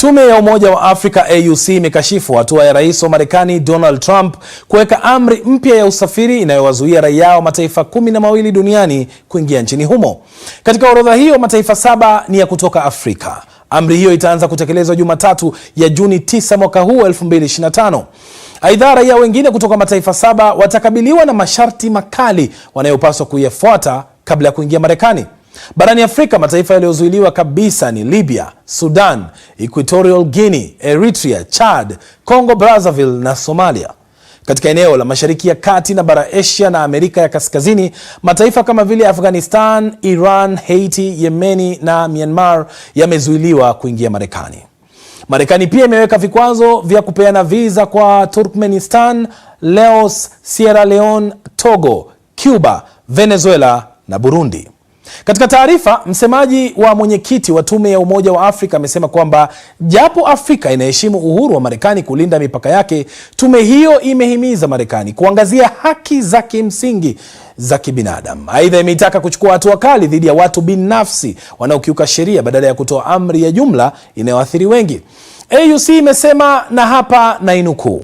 Tume ya Umoja wa Afrika AUC imekashifu hatua ya Rais wa Marekani Donald Trump kuweka amri mpya ya usafiri inayowazuia raia wa mataifa kumi na mawili duniani kuingia nchini humo. Katika orodha hiyo, mataifa saba ni ya kutoka Afrika. Amri hiyo itaanza kutekelezwa Jumatatu ya Juni 9 mwaka huu 2025. Aidha, raia wengine kutoka mataifa saba watakabiliwa na masharti makali wanayopaswa kuyafuata kabla ya kuingia Marekani. Barani Afrika, mataifa yaliyozuiliwa kabisa ni Libya, Sudan, Equatorial Guinea, Eritrea, Chad, Congo Brazzaville na Somalia. Katika eneo la Mashariki ya Kati na bara Asia na Amerika ya Kaskazini, mataifa kama vile Afghanistan, Iran, Haiti, Yemeni na Myanmar yamezuiliwa kuingia Marekani. Marekani pia imeweka vikwazo vya kupeana viza kwa Turkmenistan, Laos, Sierra Leone, Togo, Cuba, Venezuela na Burundi. Katika taarifa, msemaji wa mwenyekiti wa tume ya Umoja wa Afrika amesema kwamba japo Afrika inaheshimu uhuru wa Marekani kulinda mipaka yake, tume hiyo imehimiza Marekani kuangazia haki za kimsingi za kibinadamu. Aidha, imeitaka kuchukua hatua kali dhidi ya watu binafsi wanaokiuka sheria badala ya kutoa amri ya jumla inayoathiri wengi. AUC imesema na hapa nainukuu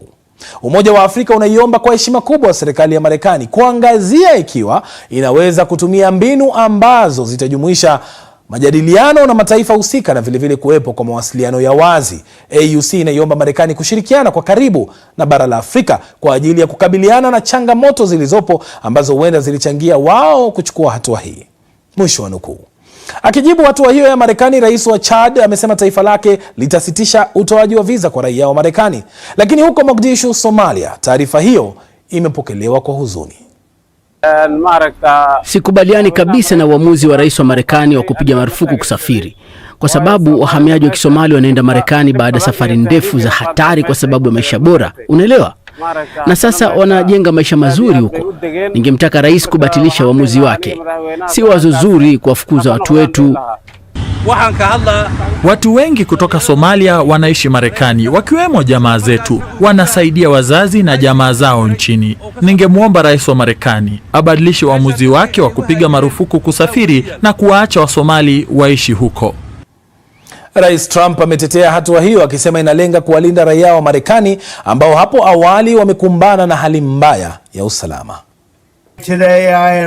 Umoja wa Afrika unaiomba kwa heshima kubwa serikali ya Marekani kuangazia ikiwa inaweza kutumia mbinu ambazo zitajumuisha majadiliano na mataifa husika na vilevile kuwepo kwa mawasiliano ya wazi. AUC inaiomba Marekani kushirikiana kwa karibu na bara la Afrika kwa ajili ya kukabiliana na changamoto zilizopo ambazo huenda zilichangia wao kuchukua hatua hii. Mwisho wa nukuu. Akijibu hatua hiyo ya Marekani, rais wa Chad amesema taifa lake litasitisha utoaji wa viza kwa raia wa Marekani. Lakini huko Mogadishu, Somalia, taarifa hiyo imepokelewa kwa huzuni. Sikubaliani kabisa na uamuzi wa rais wa Marekani wa kupiga marufuku kusafiri, kwa sababu wahamiaji wa Kisomali wanaenda Marekani baada ya safari ndefu za hatari kwa sababu ya maisha bora, unaelewa na sasa wanajenga maisha mazuri huko. Ningemtaka rais kubatilisha uamuzi wake, si wazo zuri kuwafukuza watu wetu. Watu wengi kutoka Somalia wanaishi Marekani, wakiwemo jamaa zetu, wanasaidia wazazi na jamaa zao nchini. Ningemwomba rais wa Marekani abadilishe uamuzi wake wa kupiga marufuku kusafiri na kuwaacha Wasomali waishi huko. Rais Trump ametetea hatua hiyo akisema inalenga kuwalinda raia wa Marekani ambao hapo awali wamekumbana na hali mbaya ya usalama.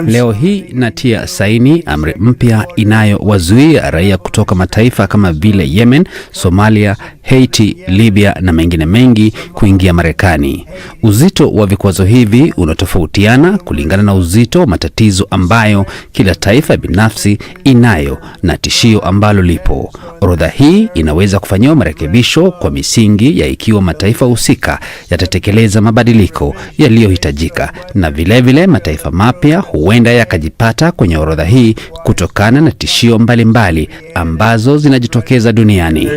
Leo hii natia saini amri mpya inayowazuia raia kutoka mataifa kama vile Yemen, Somalia, Haiti, Libya na mengine mengi kuingia Marekani. Uzito wa vikwazo hivi unatofautiana kulingana na uzito wa matatizo ambayo kila taifa binafsi inayo na tishio ambalo lipo. Orodha hii inaweza kufanyiwa marekebisho kwa misingi ya ikiwa mataifa husika yatatekeleza mabadiliko yaliyohitajika na vilevile mataifa mataifa mapya huenda yakajipata kwenye orodha hii kutokana na tishio mbalimbali mbali ambazo zinajitokeza duniani.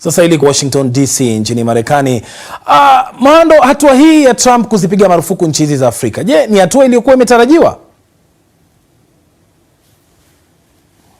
Sasa hili Washington DC nchini Marekani. Uh, Mando, hatua hii ya Trump kuzipiga marufuku nchi hizi za Afrika, je, ni hatua iliyokuwa imetarajiwa?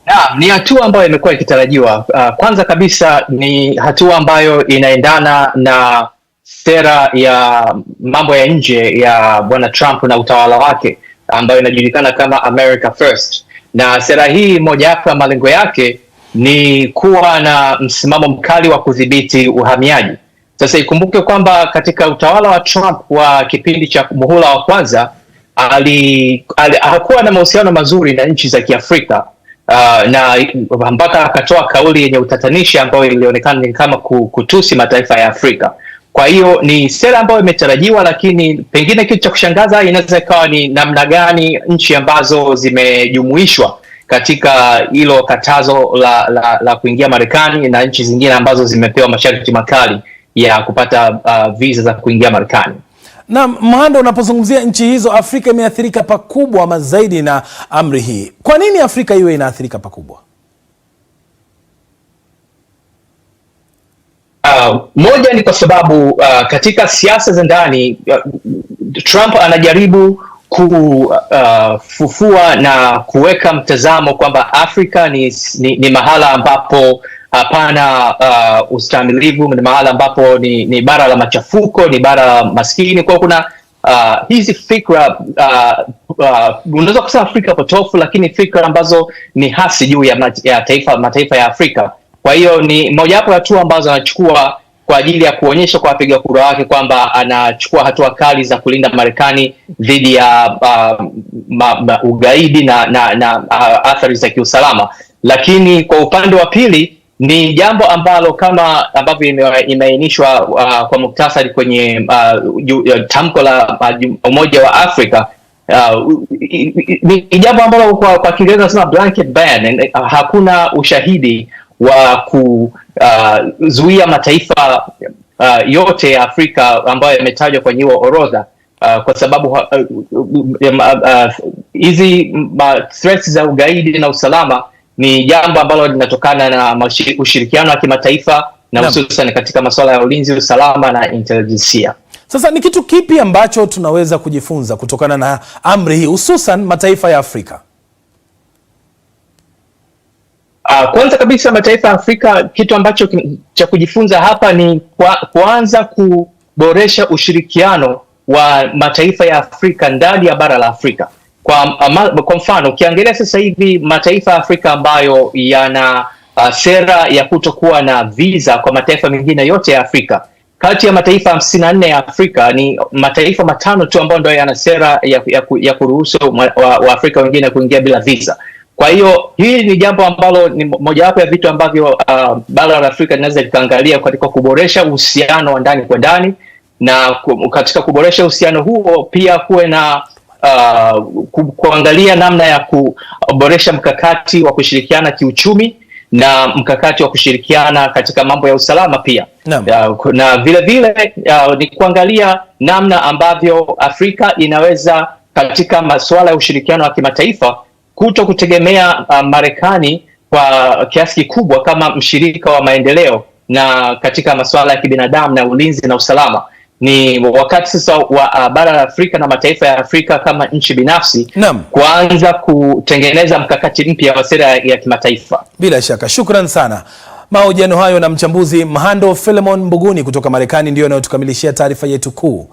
Naam, ni hatua ambayo imekuwa ikitarajiwa. Uh, kwanza kabisa ni hatua ambayo inaendana na sera ya mambo ya nje ya bwana Trump na utawala wake ambayo inajulikana kama America First, na sera hii mojawapo ya malengo yake ni kuwa na msimamo mkali wa kudhibiti uhamiaji. Sasa ikumbuke kwamba katika utawala wa Trump wa kipindi cha muhula wa kwanza ali, ali, hakuwa na mahusiano mazuri na nchi za Kiafrika uh, na mpaka akatoa kauli yenye utatanishi ambayo ilionekana ni kama kutusi mataifa ya Afrika. Kwa hiyo ni sera ambayo imetarajiwa, lakini pengine kitu cha kushangaza inaweza ikawa ni namna gani nchi ambazo zimejumuishwa katika hilo katazo la, la, la kuingia Marekani na nchi zingine ambazo zimepewa masharti makali ya kupata uh, visa za kuingia Marekani. Na Mhando, unapozungumzia nchi hizo, Afrika imeathirika pakubwa ama zaidi na amri hii. Kwa nini Afrika iwe inaathirika pakubwa? Uh, moja ni kwa sababu uh, katika siasa za ndani uh, Trump anajaribu kufufua uh, na kuweka mtazamo kwamba Afrika ni, ni, ni mahala ambapo hapana uh, ustamilivu, ni mahala ambapo ni, ni bara la machafuko, ni bara la maskini. Kwa kuna uh, hizi fikra uh, uh, unaweza kusema afrika potofu, lakini fikra ambazo ni hasi juu ya, ya taifa mataifa ya Afrika kwa hiyo ni mojawapo ya hatua ambazo anachukua kwa ajili ya kuonyesha kwa wapiga kura wake kwamba anachukua hatua kali za kulinda Marekani dhidi ya uh, ma, ma, ugaidi na, na, na uh, athari za kiusalama. Lakini kwa upande wa pili ni jambo ambalo kama ambavyo imeainishwa uh, kwa muktasari kwenye uh, tamko la uh, Umoja wa Afrika uh, ni jambo ambalo kwa, kwa Kiingereza nasema blanket ban, hakuna ushahidi wa kuzuia uh, mataifa uh, yote ya Afrika ambayo yametajwa kwenye hiwo orodha uh, kwa sababu hizi uh, uh, uh, uh, za ugaidi na usalama ni jambo ambalo linatokana na ushirikiano wa kimataifa na hususan katika masuala ya ulinzi, usalama na intelijensia. Sasa ni kitu kipi ambacho tunaweza kujifunza kutokana na amri hii hususan mataifa ya Afrika? Uh, kwanza kabisa mataifa ya Afrika kitu ambacho cha kujifunza hapa ni kwa, kuanza kuboresha ushirikiano wa mataifa ya Afrika ndani ya bara la Afrika. Kwa, ama, kwa mfano ukiangalia sasa hivi mataifa ya Afrika ambayo yana uh, sera ya kutokuwa na visa kwa mataifa mengine yote ya Afrika. Kati ya mataifa hamsini na nne ya Afrika ni mataifa matano tu ambayo ndio yana sera ya, ya, ya kuruhusu wa wa wengine kuingia bila visa. Kwa hiyo hili ni jambo ambalo ni mojawapo ya vitu ambavyo uh, bara la Afrika linaweza likaangalia katika kuboresha uhusiano wa ndani kwa ndani, na katika kuboresha uhusiano huo pia kuwe na uh, kuangalia namna ya kuboresha mkakati wa kushirikiana kiuchumi na mkakati wa kushirikiana katika mambo ya usalama pia na, ah, na vile vile uh, ni kuangalia namna ambavyo Afrika inaweza katika masuala ya ushirikiano wa kimataifa kuto kutegemea uh, Marekani kwa kiasi kikubwa kama mshirika wa maendeleo na katika masuala ya kibinadamu na ulinzi na usalama. Ni wakati sasa wa uh, bara la Afrika na mataifa ya Afrika kama nchi binafsi kuanza kutengeneza mkakati mpya wa sera ya kimataifa. Bila shaka, shukran sana. Mahojiano hayo na mchambuzi Mhando Philemon Mbuguni kutoka Marekani ndiyo yanayotukamilishia taarifa yetu kuu.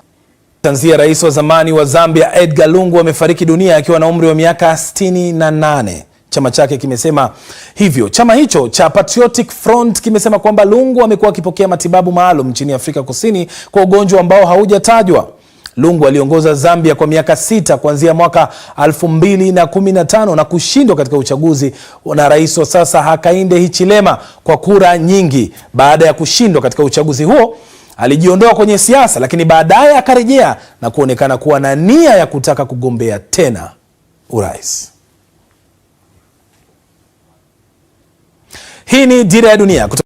Tanzia, rais wa zamani wa Zambia Edgar Lungu amefariki dunia akiwa na umri wa miaka 68. Chama chake kimesema hivyo. Chama hicho cha Patriotic Front kimesema kwamba Lungu amekuwa akipokea matibabu maalum nchini Afrika Kusini kwa ugonjwa ambao haujatajwa. Lungu aliongoza Zambia kwa miaka sita kuanzia mwaka 2015 na, na kushindwa katika uchaguzi na rais wa sasa Hakainde Hichilema kwa kura nyingi baada ya kushindwa katika uchaguzi huo. Alijiondoa kwenye siasa, lakini baadaye akarejea na kuonekana kuwa na nia ya kutaka kugombea tena urais. Hii ni Dira ya Dunia.